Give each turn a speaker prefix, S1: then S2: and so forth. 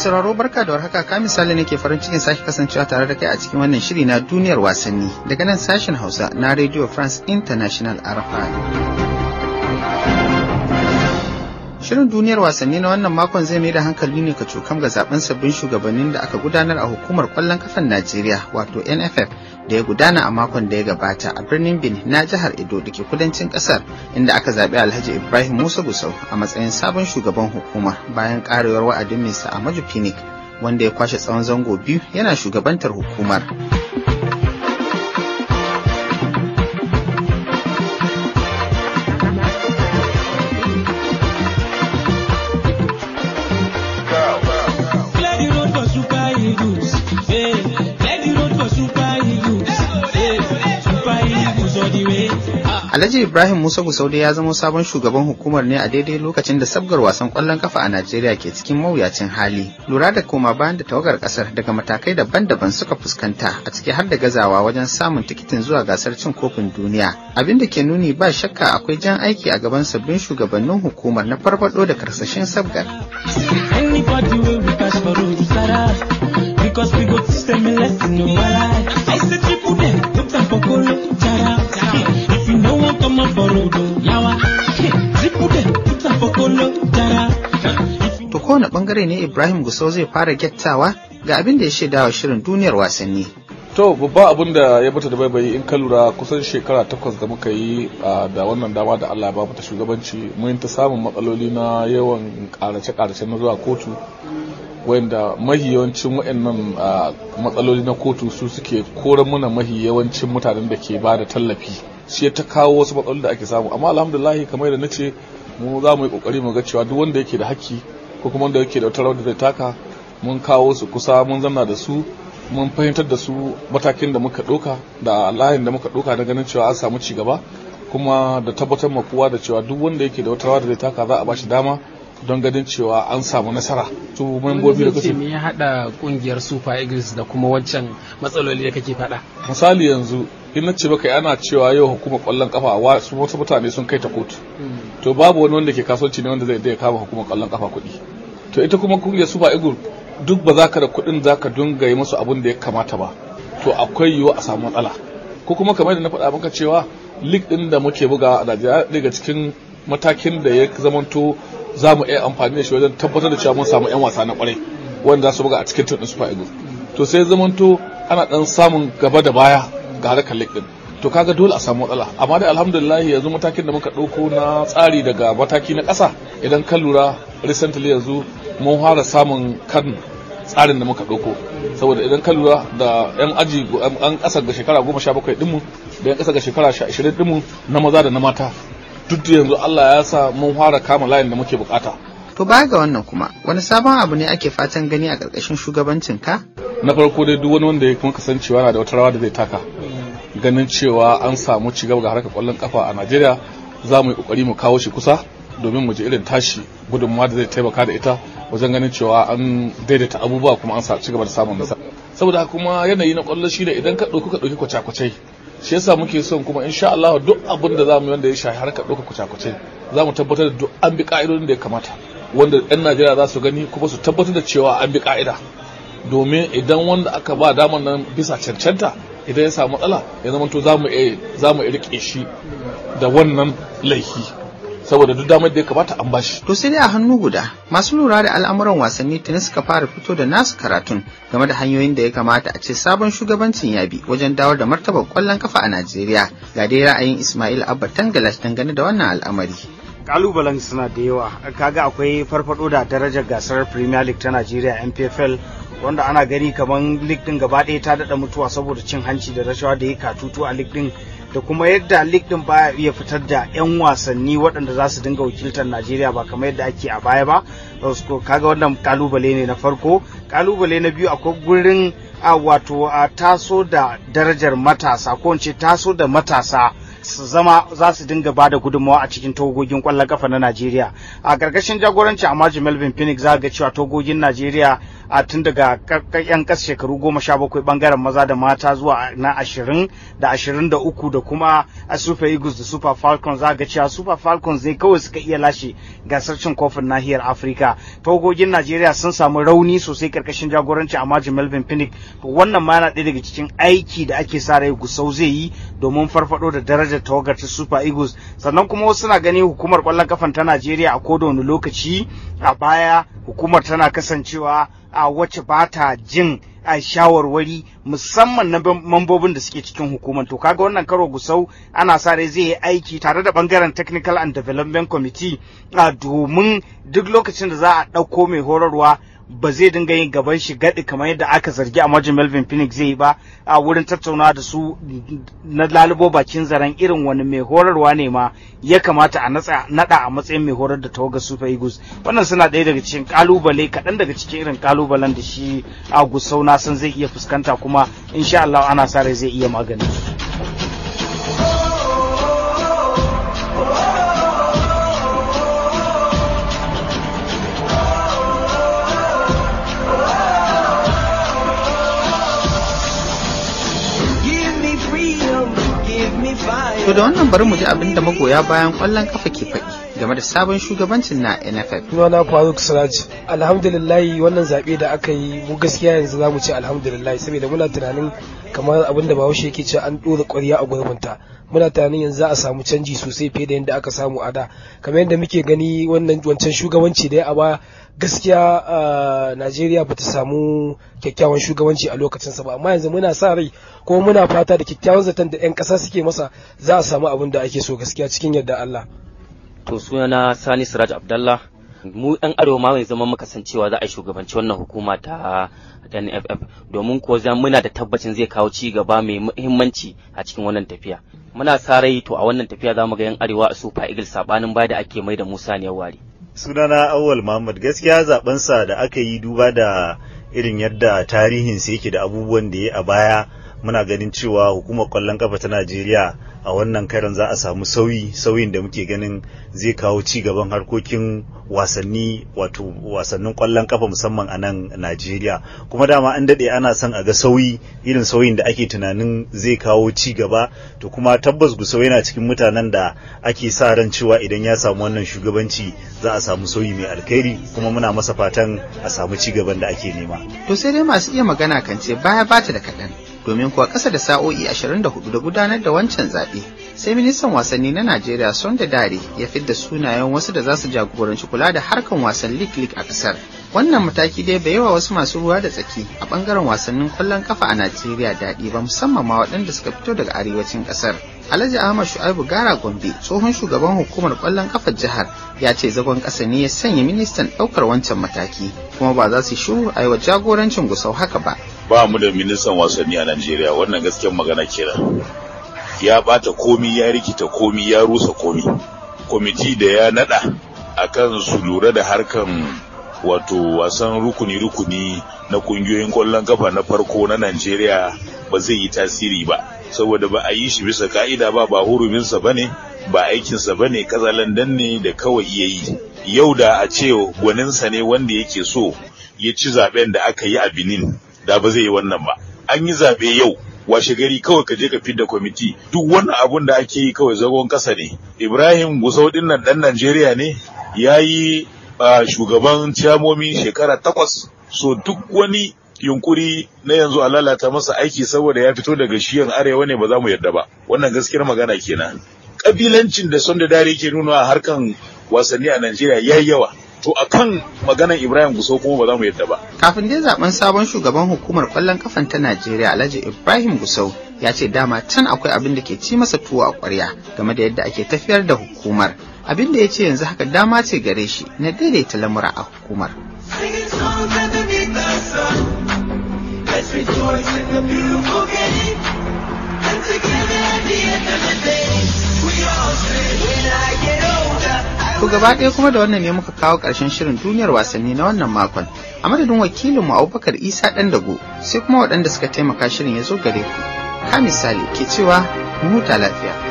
S1: sauraro barka da warhaka ka misali ne ke farin cikin sake kasancewa tare da kai a cikin wannan shiri na duniyar wasanni daga nan sashen Hausa na Radio France International arafa Shirin duniyar wasanni na wannan makon zai mai da hankali ne ka cokam ga zaben sabbin shugabannin da aka gudanar a hukumar kwallon kafan Najeriya wato NFF da ya gudana a makon da ya gabata a birnin Benin na jihar Edo da ke kudancin kasar inda aka zaɓi Alhaji Ibrahim Musa Gusau a matsayin sabon shugaban hukumar, bayan karewar wa'adin Mista Ahmadu Finik wanda ya kwashe tsawon zango biyu yana shugabantar hukumar. Alhaji Ibrahim Musa Gusaude ya zama sabon shugaban hukumar ne a daidai lokacin da sabgar wasan kwallon kafa a Najeriya ke cikin mawuyacin hali. Lura da koma bayan da tawagar kasar daga matakai daban-daban suka fuskanta a ciki har da gazawa wajen samun tikitin zuwa gasar cin kofin duniya. Abin da ke nuni ba shakka akwai jan aiki a gaban sabbin shugabannin hukumar na farfado da karsashin sabgar. To kowane bangare ne Ibrahim Gusau zai fara gyattawa ga abin da ya wa shirin duniyar wasanni.
S2: to babba abin da ya bata da baibayi in ka lura kusan shekara takwas da muka yi da wannan dama da Allah ba ta shugabanci mun ta samun matsaloli na yawan karace karace na zuwa kotu wanda mahi yawancin waɗannan matsaloli na kotu su suke koran muna mahi yawancin mutanen da ke bada tallafi shi ta kawo wasu matsaloli da ake samu amma alhamdulillah kamar yadda nace mu za mu yi kokari mu ga cewa duk wanda yake da haƙƙi ko kuma wanda yake da wata rawar da zai taka mun kawo su kusa mun zanna da su mun fahimtar da su matakin da muka ɗauka da layin da muka ɗauka na ganin cewa an samu ci gaba kuma da tabbatar ma kowa da cewa duk wanda yake da wata rawa da zai taka za a bashi dama don ganin cewa an samu nasara to membobi da kusa
S3: ya hada kungiyar Super Eagles da kuma wancan
S2: matsaloli da kake faɗa misali yanzu in na ce baka ana cewa yau hukumar kwallon kafa wasu wasu mutane sun kai ta kotu to babu wani wanda ke kasuwanci ne wanda zai iya kama hukumar kwallon kafa kuɗi to ita kuma kungiyar sufa eagle duk ba za ka da kuɗin za ka dunga yi musu abin da ya kamata ba to akwai yiwu a samu matsala ko kuma kamar da na faɗa maka cewa lig ɗin da muke buga a Najeriya daga cikin matakin da ya zamanto za mu iya amfani da shi wajen tabbatar da cewa mun samu 'yan wasa na kwarai wanda za su buga a cikin tuɗin su eagles to sai zamanto ana dan samun gaba da baya ga harkar lake din to kaga dole a samu matsala amma dai alhamdulillah yanzu matakin da muka ɗauko na tsari daga mataki na ƙasa idan kan lura recently yanzu mun fara samun kan tsarin da muka ɗauko saboda idan ka lura da yan aji an ƙasa ga shekara goma sha bakwai ɗinmu da yan ƙasa ga shekara sha ashirin ɗinmu na maza da na mata duk da yanzu Allah ya sa mun fara kama layin da muke bukata. To baya ga wannan kuma wani sabon abu ne ake fatan gani a ƙarƙashin shugabancin ka? Na farko dai duk wani wanda ya kuma kasancewa na da wata rawa da zai taka ganin cewa an samu cigaba ga harkar kwallon kafa a najeriya za mu yi kokari mu kawo shi kusa domin mu ji irin tashi gudunmawa da zai taimaka da ita wajen ganin cewa an daidaita abubuwa kuma an ci gaba da samun nasara saboda kuma yanayi na kwallo shi ne idan ka ɗauki ka ɗauki kwace-kwace shi yasa muke son kuma insha Allah duk abin da zamu yi wanda ya shafi harkar ɗauka kwace-kwace za mu tabbatar da duk an bi ka'idodin da ya kamata wanda 'yan Najeriya za su gani kuma su tabbatar da cewa an bi ka'ida domin idan wanda aka ba damar nan bisa cancanta idan ya samu matsala ya zama to za mu rike shi da wannan laifi saboda duk damar da ya kamata an bashi. To sai dai a hannu guda masu
S1: lura da al'amuran wasanni tuni suka fara fito da nasu karatun game da hanyoyin da ya kamata a ce sabon shugabancin ya bi wajen dawar da martabar kwallon kafa a Najeriya. Ga dai ra'ayin Ismail Abba Tangalas dangane da wannan al'amari.
S4: Kalubalen suna da yawa kaga akwai farfado da darajar gasar Premier League ta Najeriya MPFL wanda ana gani kamar league din gaba ɗaya ta daɗa mutuwa saboda cin hanci da rashawa da ya katutu a league din da kuma yadda league din baya iya fitar da 'yan wasanni waɗanda za su dinga wakiltar najeriya ba kamar yadda ake a baya ba kaga wannan kalubale ne na farko kalubale na biyu akwai gurin a wato a taso da darajar matasa ko ce taso da matasa su zama za su dinga bada gudunmawa a cikin togogin kwallon kafa na Najeriya. A gargashin jagoranci a Melvin Phoenix za ga cewa togogin Najeriya a tun daga yan ƙasa shekaru goma sha bakwai bangaren maza da mata zuwa na ashirin da ashirin da uku da kuma a super eagles da super falcons za ga cewa super falcons ne kawai suka iya lashe gasar cin kofin nahiyar afirka togogin najeriya sun samu rauni sosai karkashin jagoranci a majin melvin pinnick wannan ma yana ɗaya daga cikin aiki da ake sa rai gusau zai yi domin farfado da darajar tawagar ta super eagles sannan kuma wasu na ganin hukumar kwallon kafan ta najeriya a koda lokaci a baya hukumar tana kasancewa a wacce ba ta jin a shawarwari musamman na mambobin da suke cikin hukumar to kaga wannan karo gusau ana sa rai zai yi aiki tare da bangaren technical and development committee a domin duk lokacin da za a ɗauko mai horarwa ba zai dinga yin gaban shi gadi kamar yadda aka zargi a majin melvin phoenix zai yi ba a wurin tattauna da su na lalubo bakin zaren irin wani mai horarwa ne ma ya kamata a nada a matsayin mai horar da tawaga super eagles wannan suna ɗaya daga cikin kalubale kaɗan daga cikin irin kalubalen da shi a gusau na zai iya fuskanta kuma insha allah ana sa rai zai iya magani
S1: To da wannan bari mu ji abin da magoya bayan kwallon kafa ke faɗi. game da sabon shugabancin na NFF. Sunana Faruk Siraji.
S4: Alhamdulillah wannan zaɓe da aka yi mu gaskiya yanzu za mu ce alhamdulillah saboda muna tunanin kamar abin da Bahaushe yake cewa an ɗora ƙwarya a gurbin ta Muna tunanin yanzu za a samu canji sosai fiye da yadda aka samu a da. Kamar yadda muke gani wannan wancan shugabanci da ya ba gaskiya Najeriya bata samu kyakkyawan shugabanci a lokacinsa ba amma yanzu muna sa rai ko muna fata da kyakkyawan zaton da 'yan ƙasa suke masa za a samu abin da ake so gaskiya cikin yadda Allah.
S1: to sunana Sani Siraj Abdallah mu yan arewa ma mai zama muka san za a shugabanci wannan hukuma ta NFF domin ko za muna da tabbacin zai kawo ci gaba mai muhimmanci a cikin wannan tafiya muna sa rai to a wannan tafiya za mu ga yan arewa a Super Eagles sabanin baya da ake mai da Musa ne wari
S3: sunana Awwal Muhammad gaskiya zaben sa da aka yi duba da irin yadda tarihin sa yake da abubuwan da ya a baya muna ganin cewa hukumar kwallon kafa ta najeriya a wannan karan za a samu sauyi sauyin da muke ganin zai kawo ci gaban harkokin wasanni wato wasannin kwallon kafa musamman a nan najeriya kuma dama an daɗe ana son a ga sauyi irin sauyin da ake tunanin zai kawo ci gaba to kuma tabbas gusau yana cikin mutanen da ake sa ran cewa idan ya samu wannan shugabanci za a samu sauyi mai alkhairi kuma muna masa fatan a samu ci gaban da ake nema to sai dai masu iya magana kan baya bata da kaɗan
S1: domin kuwa ƙasa da sa'o'i 24 da gudanar da wancan zaɓe sai ministan wasanni na najeriya sonda dare ya fidda sunayen wasu da za su jagoranci kula da harkan wasan lik lik a ƙasar wannan mataki dai bai wa wasu masu ruwa da tsaki a ɓangaren wasannin kwallon kafa a najeriya daɗi ba musamman ma waɗanda suka fito daga arewacin ƙasar Alhaji Ahmad Shu'aibu Gara Gombe tsohon shugaban hukumar kwallon kafa jihar ya ce zagon ƙasa ne ya sanya ministan ɗaukar wancan mataki kuma ba za su shiru a yi wa jagorancin gusau haka ba
S3: ba mu da ministan wasanni a Najeriya wannan gaskiyar magana kenan ya bata komi ya rikita komi ya rusa komi kwamiti da ya nada akan su lura da harkan wato wasan rukuni-rukuni na kungiyoyin kwallon kafa na farko na Najeriya ba zai yi tasiri ba saboda ba a yi shi bisa ka'ida ba ba huruminsa ba ne ba aikinsa ba ne kazalandan ne da kawai iya yi yau da a ce gwaninsa ne wanda yake so ya ci zaben da aka yi a Benin da ba zai yi wannan ba an yi zaɓe yau washe gari kawai ka je ka fidda kwamiti duk wannan abun da ake yi kawai zagon ƙasa ne ibrahim gusau din nan dan najeriya ne ya yi shugaban ciyamomi shekara takwas so duk wani yunkuri na yanzu a lalata masa aiki saboda ya fito daga shiyan arewa ne ba za mu yarda ba wannan gaskiyar magana kenan kabilancin da son da dare ke nuna a harkan wasanni a najeriya ya yawa to a kan maganar Ibrahim Gusau kuma ba za mu yadda ba
S1: kafin dai zaben sabon shugaban hukumar kwallon kafan ta Najeriya Alhaji Ibrahim Gusau ya ce dama can akwai abin da ke ci masa tuwo a kwarya game da yadda ake tafiyar da hukumar abin da ya ce yanzu haka dama ce gare shi na daidaita lamura a hukumar Let's To gaba ɗaya kuma da wannan ne muka kawo ƙarshen shirin duniyar wasanni na wannan makon. A madadin wakilinmu Abubakar Isa ɗan dago sai kuma waɗanda suka taimaka shirin ya zo gare ku. Ka misali ke cewa mu huta lafiya.